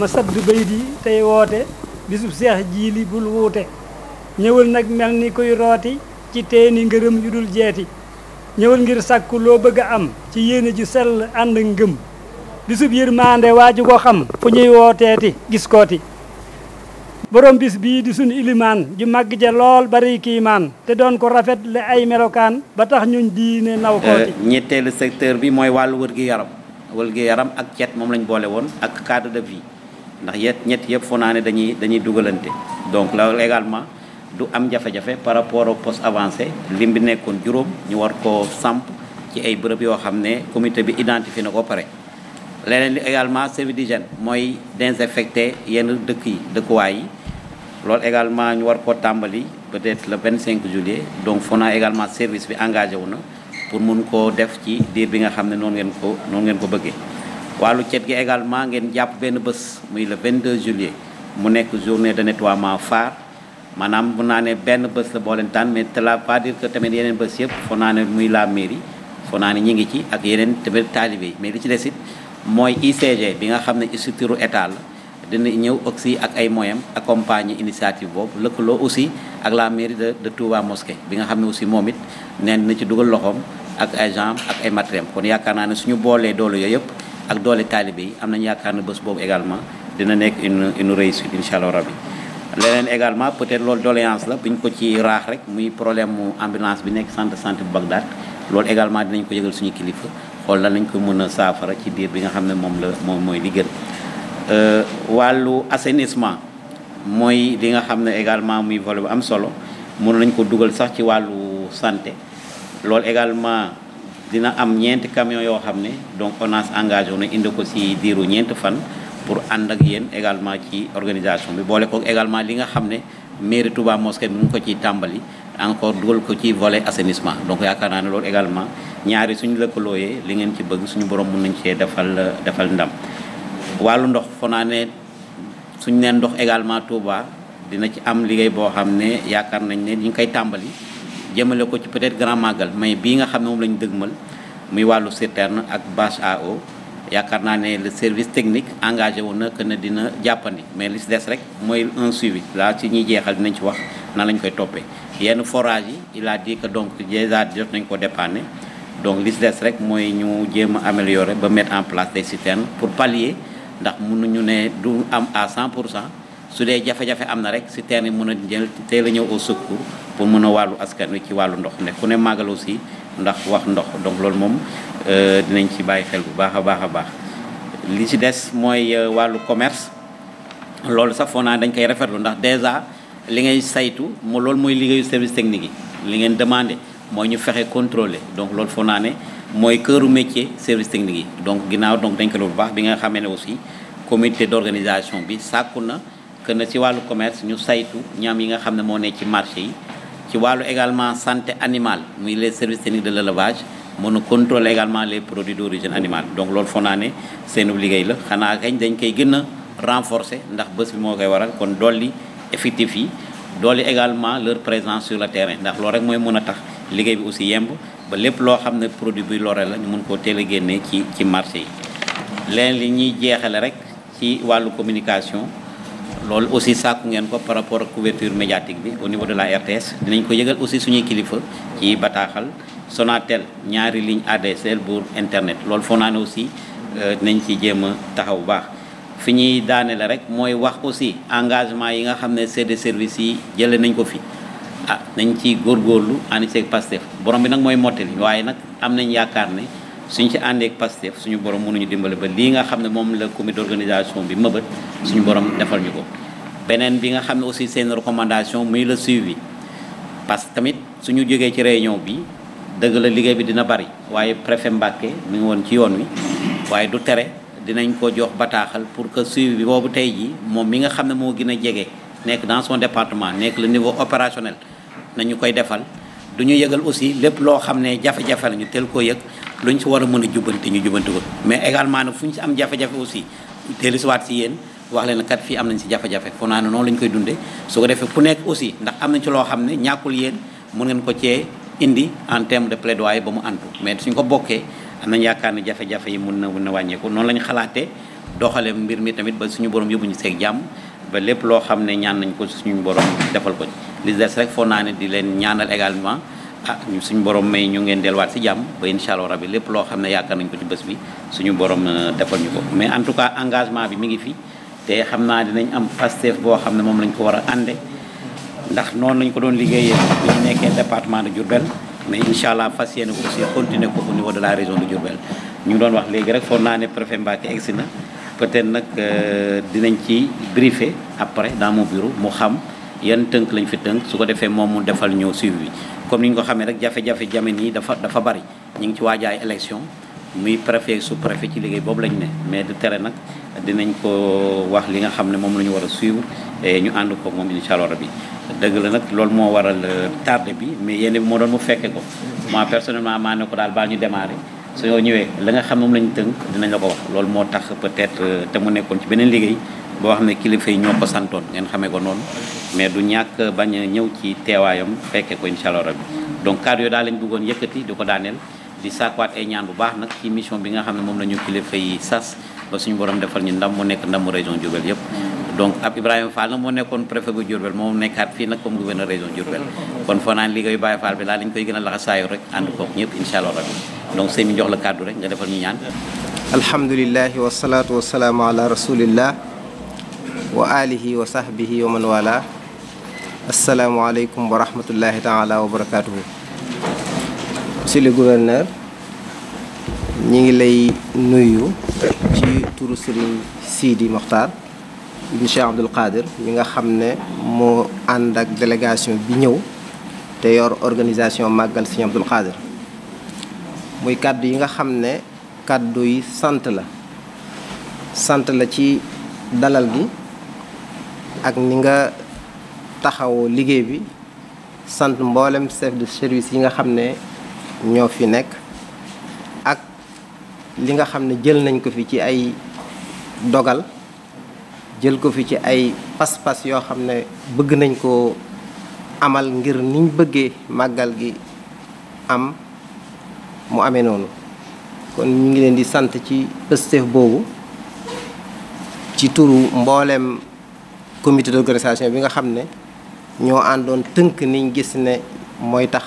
ma sadd bayit yi tey woote bisub seex jiili bul wuute ñëwal nag mel ni kuy rooti ci teeni ngërëm yu dul jeeti ñëwal ngir sàkku loo bëgg a am ci yéene ji sell ànd ngëm bisub yërmande waa ji ko xam fu ñuy wooteeti gis kooti borom bis bii di sunu ilimaan ju màgg ja lool bari kiimaan te doon ko rafet le ay melokaan ba tax ñu diine naw euh, kooti ñetteelu secteur bi mooy wàllu wër gi yaram wër gi yaram ak cet moom lañu boole woon ak cadre de vie ndax yet ñett yëpp foo naa ne dañuy dañuy dugalante donc loolu également du am jafe-jafe par rapport au poste avancé lim bi nekkoon juróom ñu war ko samp ci ay bërëb yoo xam ne comité bi identifié na ko pare leneen li également service d'hygiène mooy désinfecté yenn dëkk yi dëkkuwaay yi loolu également ñu war koo tàmbali peut-être vingt cinq juillet donc foo également service bi engagé wu na pour mun koo def ci diir bi nga xam ne noonu ngeen ko noon ngeen ko bëggee wàllu cet gi également ngeen jàpp benn bés muy le 22 juillet mu nekk journée de nettoiement phare maanaam mun naa ne benn bés la boo mais cela pas dire que tamit yeneen bés yëpp foo naa ne muy la mairie foo naa ne ñi ngi ci ak yeneen tamit taalibe yi mais li ci des it mooy ICG bi nga xam ne structure état la dina ñëw aussi ak ay moyens accompagner initiative boobu lëkkaloo aussi ak la mairie de de Touba Mosquée bi nga xam ne aussi moom it neen na ci dugal loxoom ak ay gens ak ay matériels kon yaakaar naa ne suñu boolee doole yooyu yëpp. ak doole taalibe yi am nañu yaakaar ne bés boobu également dina nekk une une réussite incha allah rabbi leneen également peut-être loolu doléance la buñ ko ci raax rek muy problème mu ambulance bi nekk centre santé bu Bagdad loolu également dinañ ko yëgal suñu kilifa xool lan nañ ko mën a saafara ci diir bi nga xam ne moom la moom mooy li gën euh, wàllu assainissement mooy li nga xam ne également muy volet bu am solo mun nañ ko dugal sax ci wàllu santé loolu également dina am ñeenti camion yoo xam ne donc ONAS engagé wu na indi ko si diiru ñeenti fan pour ànd ak yéen également ci organisation bi boole ko également li nga xam ne mairie Touba Mosquée mi ngi ko ciy tàmbali encore dugal ko ci volet assainissement donc yaakaar naa ne loolu également ñaari suñ suñu lëkkalooyee li ngeen ci bëgg suñu borom mën nañ cee defal defal ndam wàllu ndox foo suñ ne neen ndox également Touba dina ci am liggéey boo xam ne yaakaar nañ ne ñu ngi koy tàmbali jëmale ko ci peut-être grand màggal mais bii nga xam ne moom lañu ñu dëgmal muy wàllu citerne ak bâche à yaakaar naa ne le service technique engagé woon na que ne dina jàppandi mais li si des rek mooy un suivi laa ci ñuy jeexal dinañ ci wax nan lañ koy toppee yenn forage yi il a dit donc déjà jot nañ ko dépanner donc li si des rek mooy ñu jéem a améliorer ba mettre en place des citernes pour pallier ndax mun mënuñu ne du am à cent pour cent su dee jafe-jafe am na rek teen yi mën a jël teel a ñëw au secours pour mun a wàllu askan wi ci wàllu ndox ne ku ne màggal aussi ndax wax ndox donc loolu moom euh, dinañ ci bàyyi xel bu baax a baax a baax li ci des mooy euh, wàllu commerce loolu sax foo dañ koy rafetlu ndax déjà li ngay saytu mo loolu mooy liggéeyu service technique yi li ngeen demande mooy ñu fexe contrôler donc loolu foo naa ne mooy këru métier service technique yi donc ginnaaw donc dañ ko loolu bu baax bi nga xamee ne aussi comité d'organisation bi sàkku na que na ci wàllu commerce ñu saytu ñam yi nga xam ne moo nee ci marché yi ci wàllu également santé animale muy les services techniques de l'élevage mën a contrôler également les produits d'origine animale donc loolu foog naa ne seen liggéey la xanaa kañ dañ koy gën a renforcer ndax bés bi moo koy waral kon dolli effectif yi dolli également leur présence sur le terrain ndax lool rek mooy mën a tax liggéey bi aussi yemb ba lépp loo xam ne produit bi lore la ñu mun koo teel a génne ci ci marché leneen li ñuy jeexale rek ci wàllu communication. loolu aussi sàkku ngeen ko par rapport ak couverture médiatique bi au niveau de la RTS dinañ ko yëgal aussi suñuy kilifa ci bataaxal Sonatel ñaari ligne ADSL pour internet loolu foo naa ne aussi euh, dinañ ci jéem a taxaw baax fi ñuy daaneele rek mooy wax aussi engagement yi nga xam ne CD service yi jëlee nañ ko fi ah nañ ci góorgóorlu ànd ceeg Pastef borom bi nag mooy mottali waaye nag am nañ yaakaar ne suñ ci àndeek Pastef suñu borom mënuñu dimbali ba lii nga xam ne moom la comité d'organisation bi mëbët suñu borom defal ñu ko beneen bi nga xam ne aussi seen recommandation muy le suivi parce que tamit suñu jógee ci réunion bi dëgg la liggéey bi dina bari waaye préfet Mbacké mi ngi woon ci yoon wi waaye du tere dinañ ko jox bataaxal pour que suivi bi boobu tey jii moom mi nga xam ne moo gën a jege nekk dans son département nekk le niveau opérationnel nañu koy defal du yëgal aussi lépp loo xam ne jafe la ñu teel koo yëg lu ñu si war a mën a jubbanti ñu jubbanti ko mais également nag fu ñu si am jafe-jafe aussi dellu si waat si yéen wax leen kat fii am nañ si jafe-jafe foo naa ne noonu lañ koy dundee su ko defee nekk aussi ndax am nañ loo xam ne ñàkkul yéen mën ngeen ko cee indi en terme de plaidoyer ba mu antu mais suñ ko bokkee am nañ yaakaar ne jafe yi mun na mun na wàññeeku noonu lañ xalaatee doxale mbir mi tamit ba suñu borom yóbbu ñu seeg jàmm ba lépp loo xam ne ñaan nañ ko suñu borom defal ko li des rek foo naa ne di leen ñaanal également ah ñu suñu borom may ñu ngeen delluwaat si jàmm ba incha allah rabi lépp loo xam ne yaakaar nañ ko ci bés bi suñu borom euh, defal ñu ko mais en tout cas engagement bi mu ngi fi te xam naa dinañ am Pastef boo xam ne moom lañ ko war a ànde ndax noonu lañ ko doon liggéey bu ñu nekkee département de Diourbel mais incha allah fas yéene ko aussi continuer ko au de la région de Diourbel ñu ngi doon wax léegi rek foog naa ne préfet Mbacké egsi na peut-être nag euh, dinañ ci briefer après dans mu bureau mu xam. yan tënk lañ fi tënk su ko defee moom mu defal ñëw bi comme ni ñu ko xamee rek jafe-jafe jamono yi dafa dafa bari ñu ngi ci waajaay élection muy préfet sous préfet ci liggéey boobu lañ ne mais du tere nag dinañ ko wax li nga xam ne moom la ñu war a suivre et ñu ànd ko moom incha allah rabi dëgg la nag loolu moo waral euh, tardé bi mais yéen moo doon mu fekke ko moi personnellement maa ne ko daal baa ñu démarré soo ñëwee la nga xam moom la ñu tënk dinañ la ko loolu moo tax peut-être euh, te mu nekkoon ci beneen liggéey boo xam ne kilifa yi ñoo ko santoon ngeen xamee ko noonu mais du ñàkk bañ a ñëw ci teewaayam fekkee ko incha allah rabbi donc kàddu yooyu daal lañ bëggoon yëkkati di ko daaneel di sakkuwaat ay ñaan bu baax mission bi nga xam ne moom la ñu kilifa yi sas ba suñu borom defal ñu ndam yëpp. donc ab Ibrahima Fall moo nekkoon préfet bu Diourbel moom nekkaat fii nag comme gouverneur région Diourbel kon foo naan liggéeyu Baye Fall koy gën laxasaayu rek ànd koog ñëpp incha allah rabbi donc sëñ bi jox la kàddu rek nga defal ñu ñaan. alhamdulilah wasalaatu wasalaam ala rasulillah wa alihi wa sahbihi wa man wala asalaamualeykum wa rahmatullahi taala wa barakatuhu monsieur le ñi ngi lay nuyu ci turu Serigne Sidi Mokhtar ibn Cheikh Abdoul Qadir mi nga xam ne moo ànd ak délégation bi ñëw te yor organisation màggal Serigne Abdoul Qadir muy kàddu yi nga xam ne kàddu yi sant la sant la ci dalal gi ak ni nga taxawoo liggéey bi sant mboolem chef de service yi nga xam ne ñoo fi nekk ak li nga xam ne jël nañ ko fi ci ay dogal jël ko fi ci ay pas-pas yoo xam ne bëgg nañ koo amal ngir niñ bëggee màggal gi am mu amee noonu kon ñu ngi leen di sant ci pësteef boobu ci turu mbooleem comité d'organisation bi nga xam ne ñoo àndoon tënk niñ gis ne mooy tax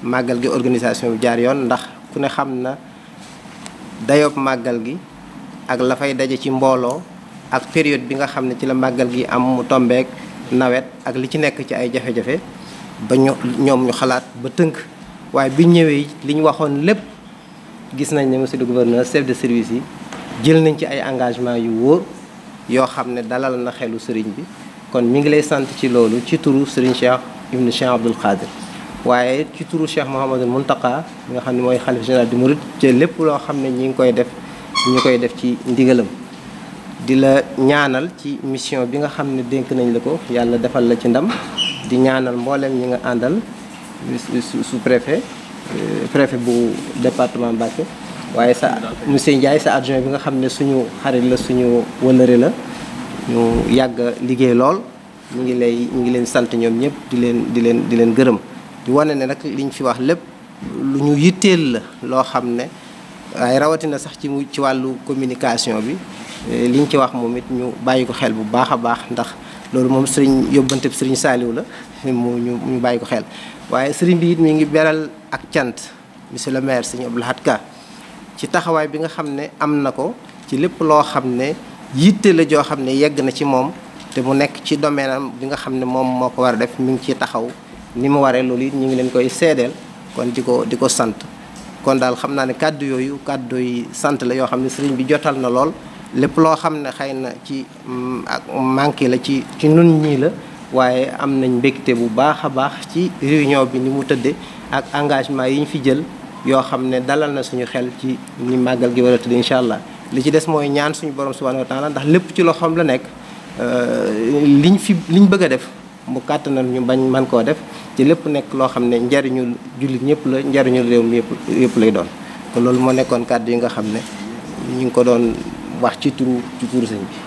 màggal gi organisation bi jaar yoon ndax ku ne xam na dayoob màggal gi ak la fay daje ci mbooloo ak période bi nga xam ne ci la màggal gi am mu tombeek nawet ak li ci nekk ci ay jafe-jafe ba ñoom ñu xalaat ba tënk waaye bi ñëwee li ñu waxoon lépp gis nañ ne monsieur le gouverneur chef de service yi jël nañ ci ay engagement yu wóor yoo xam ne dalal na xelu sëriñ bi kon mu ngi lay sant ci loolu ci turu sëriñ Cheikh ibnu Cheikh Abdoul Khadir waaye ci turu Cheikh Mouhamadul Mountakha nga xam ne mooy xalif général di murid ci lépp loo xam ne ñi ngi koy def ñi koy def ci ndigalam di la ñaanal ci mission bi nga xam ne dénk nañ la ko yàlla defal la ci ndam di ñaanal mboolem ñi nga àndal sous euh, préfet bu departement Mbacké waaye sa monsieur Ndiaye sa adjoint bi nga xam ne suñu xarit la suñu wëlëre la ñu yàgg liggéey lool ñu ngi lay ñu ngi leen sant ñoom ñëpp di leen di leen di leen gërëm di wane ne nag liñ fi wax lépp lu ñu yitteel la loo xam ne waaye rawatina sax ci ci wàllu communication bi eh, liñ ci wax moom it ñu bàyyi ko xel bu baax a baax ndax loolu moom sëriñ yóbbante bi sëriñ Saaliw la mu ñu ñu bàyyi ko xel waaye sëriñ bi it mi ngi beral ak cant monsieur le maire sëriñ Abdou Lahad Ka ci taxawaay bi nga xam ne am na ko ci lépp loo xam ne yitte la joo xam ne yegg na ci moom te mu nekk ci domaine am bi nga xam ne moom moo ko war a def mi ngi ciy taxaw ni mu waree loolu it ñu ngi leen koy seedeel kon di ko di ko sant kon daal xam naa ne kàddu yooyu kàddu yi sant la yoo xam ne sëriñ bi jotal na lool lépp loo xam ne xëy na ci mm, ak manqué la ci ci nun ñii la waaye am nañ mbégte bu baax a baax ci réunion bi ni mu tëdde ak engagement yi ñu fi jël yoo xam ne dalal na suñu xel ci ni màggal gi war a tudd incha allah li ci des mooy ñaan suñu borom subhanahu wa taala ndax lépp ci loxoom la nekk euh, liñ fi liñ bëgg a def mu kàttanal ñu bañ man koo def ci lépp nekk loo xam ne njariñul jullit ñëpp la njariñul réew mi yëpp yëpp lay doon te loolu moo nekkoon kàdd yi nga xam ne ñu ngi ko doon wax ci turu ci turu sëñ bi